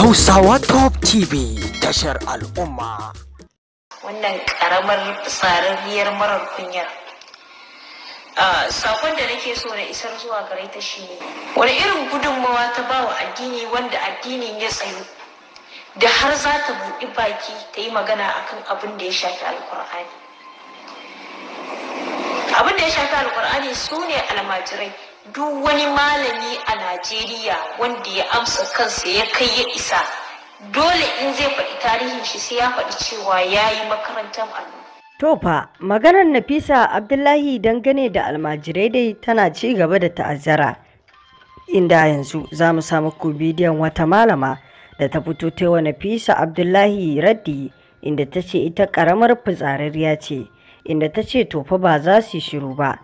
Hausawa Top TV tashar al'umma. Wannan karamar tsararriyar marar kunya. Ah, sakon da nake so na isar zuwa gare ta shi ne, wani irin gudunmawa ta ba wa addini wanda addinin ya tsayu, da har za ta buɗi baki ta yi magana akan abin da ya shafi alkur'ani. Abin da ya shafi alkur'ani su ne almajirai. duk wani malami a najeriya wanda ya amsa kansa ya kai ya isa dole in zai faɗi tarihin shi sai ya faɗi cewa ya yi makarantar allo Tofa, maganar Nafisa Abdullahi dangane da almajirai dai tana ci gaba da ta'azzara. Inda yanzu za mu samu ku bidiyon wata malama da ta fito ta wa Nafisa Abdullahi raddi inda ta ce ita ƙaramar fitsararriya ce, inda ta ce tofa ba za su shiru ba,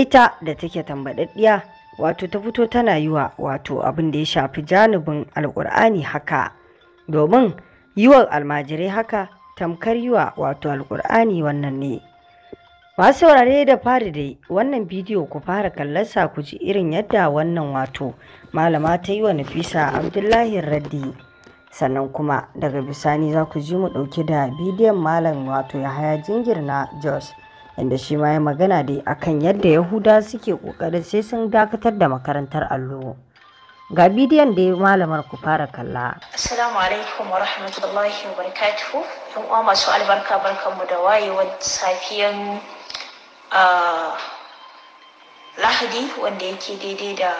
ita da take tambaɗaɗɗiya wato ta fito tana yiwa wato abin da ya shafi janibin alkur'ani haka domin yiwa almajirai haka tamkar yiwa wato alkur'ani wannan ne masu saurare da fari dai wannan bidiyo ku fara kallasa ku ji irin yadda wannan wato malama ta yi wa nafisa abdullahi raddi sannan kuma daga bisani za ku ji mu ɗauki da bidiyon malam wato ya haya jingir na jos inda shi ma ya magana dai akan yadda yahuda suke kokarin sai sun dakatar da makarantar allo ga bidiyon da ya malamar ku fara kalla assalamu alaikum wa rahmatullahi wa barakatuhu yan uwa masu albarka mu da wayewar safiyan ah, lahadi wanda yake daidai da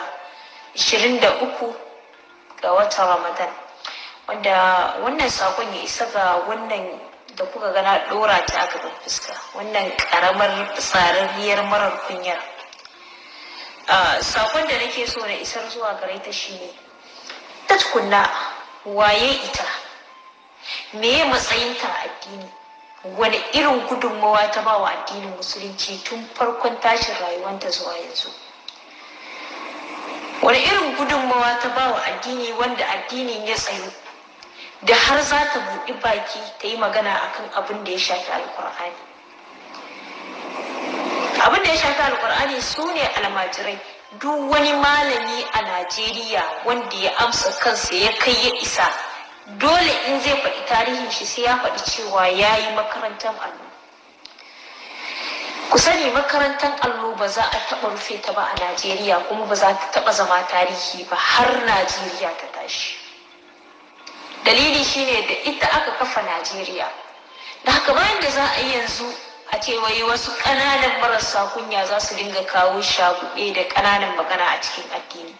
23 ga watan ramadan wanda wannan sakon ya isa ga wannan da kuka gana ɗora ta a gaban fuska wannan ƙaramar tsararriyar marar kunyar ah, sakon da nake so na isar zuwa gare ta shine ta tukunna waye ita Me ya matsayinta a addini wani irin gudunmawa ta ba wa addinin musulunci tun farkon tashin rayuwanta zuwa yanzu wani irin gudunmawa ta ba wa addini wanda addinin ya tsayu da har za ta buɗi baki ta yi magana a kan abin da ya shafi alkur'ani abin da ya shafi alkur'ani su ne almajirai duk wani malami a najeriya wanda ya amsa kansa ya kai ya isa dole in zai faɗi tarihin shi sai ya faɗi cewa ya yi makarantar allo ku sani makarantar allo ba za a taɓa rufe ta ba a najeriya kuma ba za ta taɓa zama tarihi ba har najeriya ta tashi dalili shine da ita aka kafa najeriya da haka bayan da za a yi yanzu a ce wai wasu ƙananan marasa kunya za su dinga kawo shaguɗe da ƙananan magana a cikin addini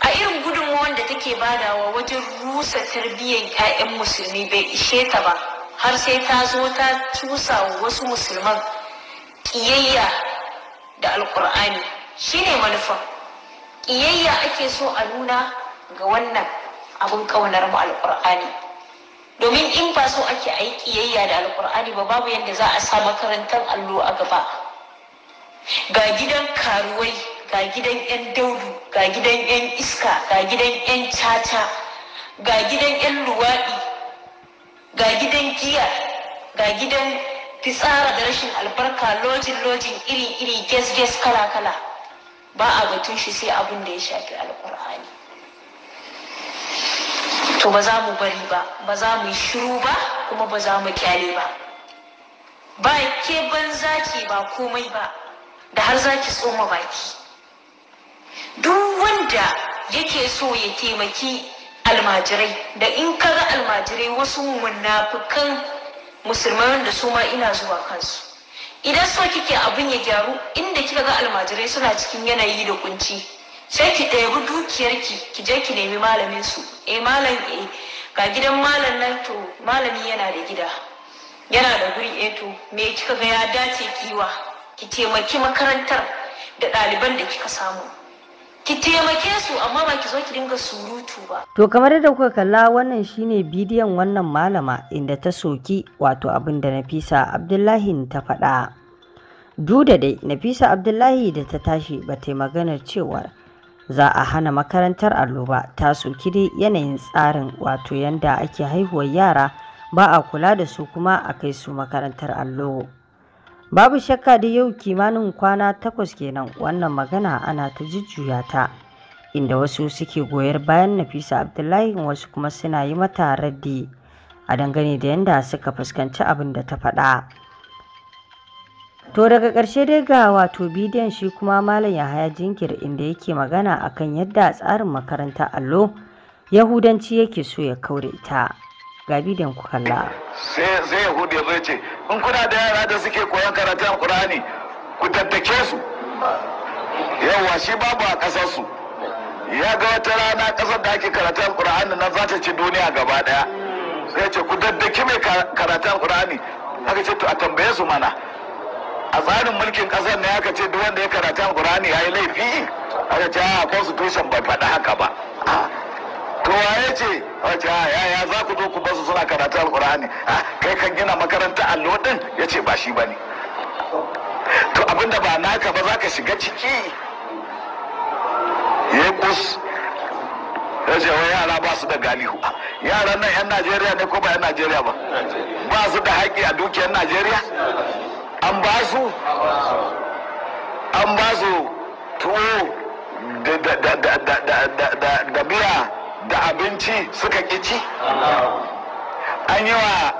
a irin gudunmawar da take badawa wajen rusa tarbiyyar 'ya'yan musulmi bai ishe ta ba har sai ta zo ta cusa wasu musulman ƙiyayya da alƙur'ani shine manufa ƙiyayya ake so a nuna ga wannan abin kaunar mu alkur'ani domin in ba so ake a yi da alkur'ani ba babu yadda za a sa makarantar allo a gaba ga gidan karuwai ga gidan 'yan daudu ga gidan 'yan iska ga gidan 'yan caca ga gidan 'yan luwaɗi ga gidan giya ga gidan fitsara da rashin albarka lojin lojin iri iri ges ges kala kala ba a batun shi sai abin da ya shafi alkur'ani to ba za mu bari ba ba za mu yi shiru ba kuma ba za mu kyale ba ba ke ban zaki ba komai ba da har zaki tsoma baki duk wanda yake so ya taimaki almajirai da in kaga almajirai wasu munafukan musulmai da su ma ina zuwa kansu idan so kike abin ya gyaru inda kika ga almajirai suna cikin yanayi da kunci sai ki ɗebi dukiyarki ki je ki nemi malamin su eh malam eh ga gidan malam nan to malami yana da gida yana da guri eh to me kika ga ya dace kiwa ki taimaki makarantar da ɗaliban da kika samu ki taimake su amma ba ki zo ki dinga surutu ba to kamar da kuka kalla wannan shine bidiyon wannan malama inda ta soki wato abin da nafisa abdullahi ta faɗa duda dai nafisa abdullahi da ta tashi ba ta maganar cewar za a hana makarantar allo ba ta soki dai yanayin tsarin wato yanda ake haihuwar yara ba a kula da su kuma a kai su makarantar allo babu shakka da yau kimanin kwana takwas kenan wannan magana ana ta jujjuya ta inda wasu suke goyar bayan nafisa abdullahi wasu kuma suna yi mata raddi a dangane da yanda suka fuskanci abin da ta faɗa. To daga ƙarshe dai ga wato bidiyon shi kuma Malam Yahaya Jinkir inda yake magana akan yadda tsarin makaranta allo Yahudanci yake so ya kaure ta. Ga bidiyon ku kalla. Sai Yahudi ya ce in kuna da yara da suke koyon karatun Qur'ani ku tattake su. Yawwa shi babu a ƙasar su. Ya ga wata rana ƙasar da ake karatun Qur'ani nan za ta ci duniya gaba ɗaya. Sai ce ku daddake mai karatun Qur'ani. Aka ce to a tambaye su mana. a tsarin mulkin kasar ne aka ce duk wanda ya karata alkur'ani ya yi laifi aka ce a ah, constitution bai faɗi haka ba ah, to waye ce a ah, ya ya za ku zo ku basu suna karatu alkur'ani kai kan gina makaranta allo din ya ce ba shi ba ne to abinda ba naka ba zaka shiga ciki ya kus ya ce wa yara ba su da galihu yaran nan yan najeriya ne ko ba yan najeriya ba ba su da haƙƙi a dukiyar najeriya an ba su an ba su tuwo da biya da abinci suka ci an yi wa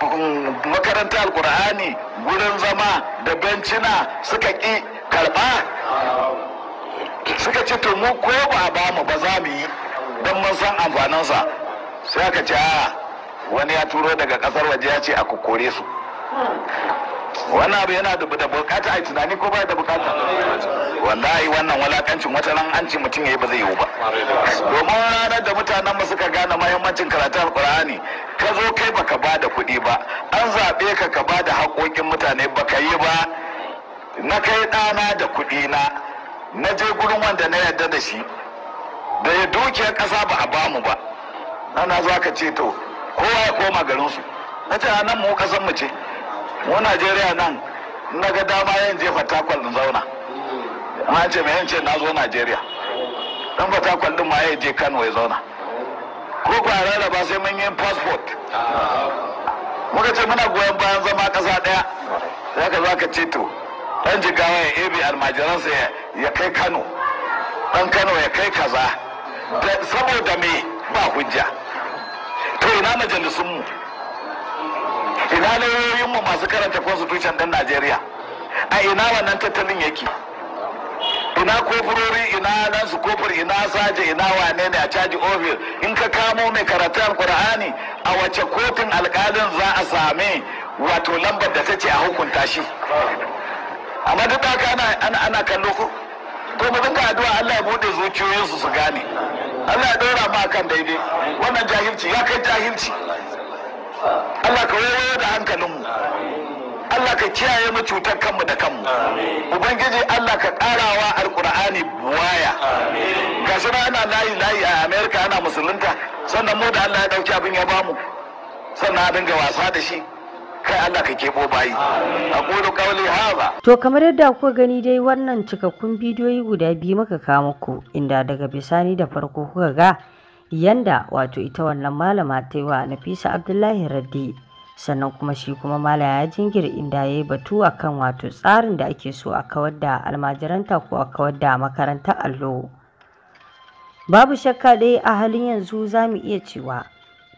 mm, makaranta alkur'ani gurin zama da bencina suka ƙi karɓa suka ci tumu ko ba ba mu ba za mu yi don mun san amfaninsa sai aka ce wani ya turo daga ƙasar waje ya ce a kore su wani abu yana da bukata a yi tunani ko ba da bukata wallahi wannan walakancin wata nan an ce mutum ya yi ba zai yiwu ba domin ranar da mutanen mu suka gane mahimmancin karatun alkur'ani ka zo kai baka ba da kuɗi ba an zaɓe ka ka ba da haƙoƙin mutane baka yi ba na kai ɗana da kuɗi na na je gurin wanda na yarda da shi da ya dukiyar ƙasa ba a bamu ba Ana za ka ce to kowa ya koma garinsu na ce a nan mu ƙasar mu ce mu najeriya nan na ga dama yin je fatakwal din zauna na ce mai yance na zo najeriya dan fatakwal din ma ya je kano ya zauna ko ba rarraba sai mun yi passport muka ce muna goyon bayan zama kasa daya zaka zaka ce to dan jigawa ya ebe almajiransa ya kai kano dan kano ya kai kaza saboda me ba hujja to ina majalisun mu ina lauyoyin mu masu karanta constitution din Najeriya a ina wannan tattalin yake ina kofurori ina nan su kofur ina saje ina wane ne a caji ofis in ka kamo mai karatun alkur'ani a wace kotun alkalin za a same wato lambar da tace a hukunta shi amma duk da ana ana kallo ko ko mu dinga addu'a Allah ya bude zuciyoyinsu su gane Allah ya dora ma kan daidai wannan jahilci ya kai jahilci Allah ka waiwayo da hankalinmu Allah ka kiyaye mu cutar kanmu da kanmu ubangiji Allah ka karawa alkur'ani buwaya gashi na ana layi layi a America ana musulunta sannan mu da Allah ya dauki abin ya bamu sannan a dinga wasa da shi kai Allah ka kebo bayi a kodo kawali haza. To kamar yadda kuka gani dai wannan cikakkun bidiyoyi guda biyu muka kawo muku inda daga bisani da farko kuka ga yanda wato ita wannan malama ta yi wa Nafisa Abdullahi Raddi sannan kuma shi kuma mala ya jingir inda ya yi batu akan wato tsarin da ake so a kawar da almajiranta ko a kawar da makarantar allo babu shakka dai a halin yanzu za mu iya cewa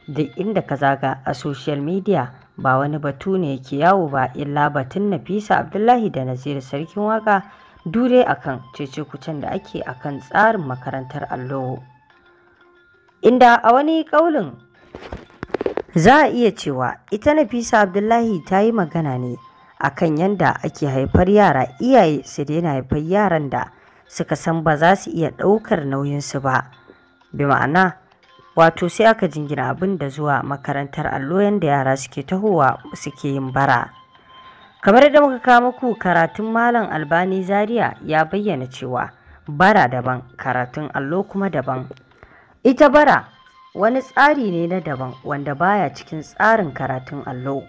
Da inda ka zaga a social media ba wani batu ne ke yawo ba illa batun nafisa abdullahi da nazir sarkin waka dure akan cece kucen da ake akan tsarin makarantar allo inda a wani ƙaulin za a iya cewa ita nafisa abdullahi ta yi magana ne a kan yadda ake haifar yara iyaye su daina haifar yaran da suka san ba za su iya ɗaukar nauyinsu ba bi ma'ana wato sai aka jingina abin da zuwa makarantar allo yadda yara suke tahowa suke yin bara kamar 'da muka kawo muku karatun malam albani zaria ya bayyana cewa bara daban karatun allo kuma daban Ita bara wani tsari ne na daban wanda baya cikin tsarin karatun allo.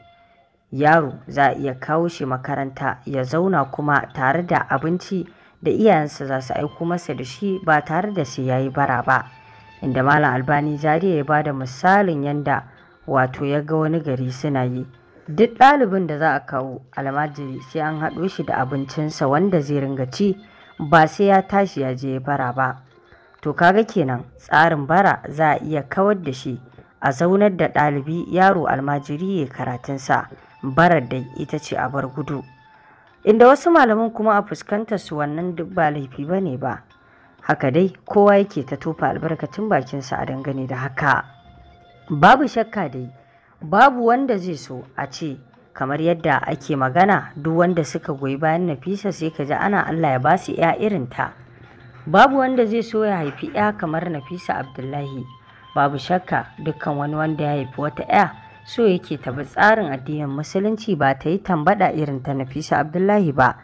Yaro za a iya kawo shi makaranta ya zauna kuma tare da abinci da iyayensa za su aiko masa da shi ba tare da shi ya yi bara ba. Inda Malam Albani Zariya ya ba da misalin yanda wato ya ga wani gari suna yi. Duk ɗalibin da za a kawo almajiri sai an haɗo shi da abincinsa wanda zai ringa ci ba sai ya tashi ya je bara ba. to kaga kenan tsarin bara za a iya kawar da shi a zaunar da ɗalibi yaro almajiri ya karatunsa barar da ita ce a bar gudu inda wasu malaman kuma a fuskantar su wannan duk ba laifi ba ne ba haka dai kowa yake ta tofa albarkacin bakinsa a dangane da haka babu shakka dai babu wanda zai so a ce kamar yadda ake magana duk wanda suka goyi bayan nafisa sai ka ji ana allah ya ba su irin ta. babu wanda zai so ya haifi 'ya kamar nafisa abdullahi babu shakka dukkan wani wanda ya haifi wata 'ya so yake tabi tsarin addinin musulunci ba ta yi tambada irin ta nafisa abdullahi ba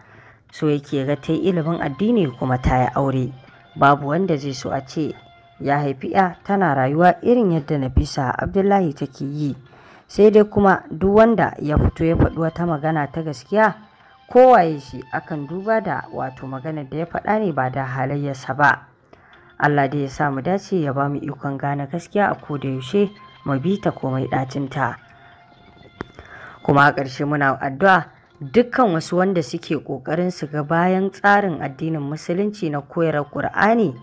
so yake ga ta yi ilimin addini kuma ta yi aure babu wanda zai so a ce ya haifi 'ya tana rayuwa irin yadda nafisa abdullahi take yi sai dai kuma duk wanda ya fito ya faɗi wata magana ta gaskiya kowaye shi akan duba da wato maganar da ya faɗa ne ba da halayyarsa ba Allah da ya sa mu dace ya ba mu ikon gane gaskiya a koda yaushe mu bi ta komai ɗacinta kuma a ƙarshe muna addu'a dukkan wasu wanda suke ƙoƙarin su ga bayan tsarin addinin musulunci na koyar ƙur'ani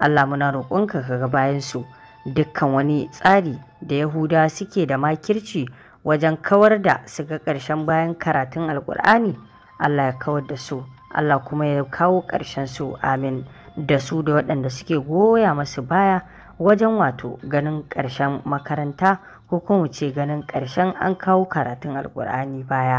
Allah muna roƙonka ka ga bayan su dukkan wani tsari da yahuda suke da makirci wajen kawar da su ga ƙarshen bayan karatun alƙur'ani Allah ya kawar da su Allah kuma ya kawo ƙarshen su amin da su da waɗanda suke goya masu baya wajen wato ganin ƙarshen makaranta ko kuma ce ganin ƙarshen an kawo karatun alkur'ani baya